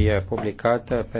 fie publicată pe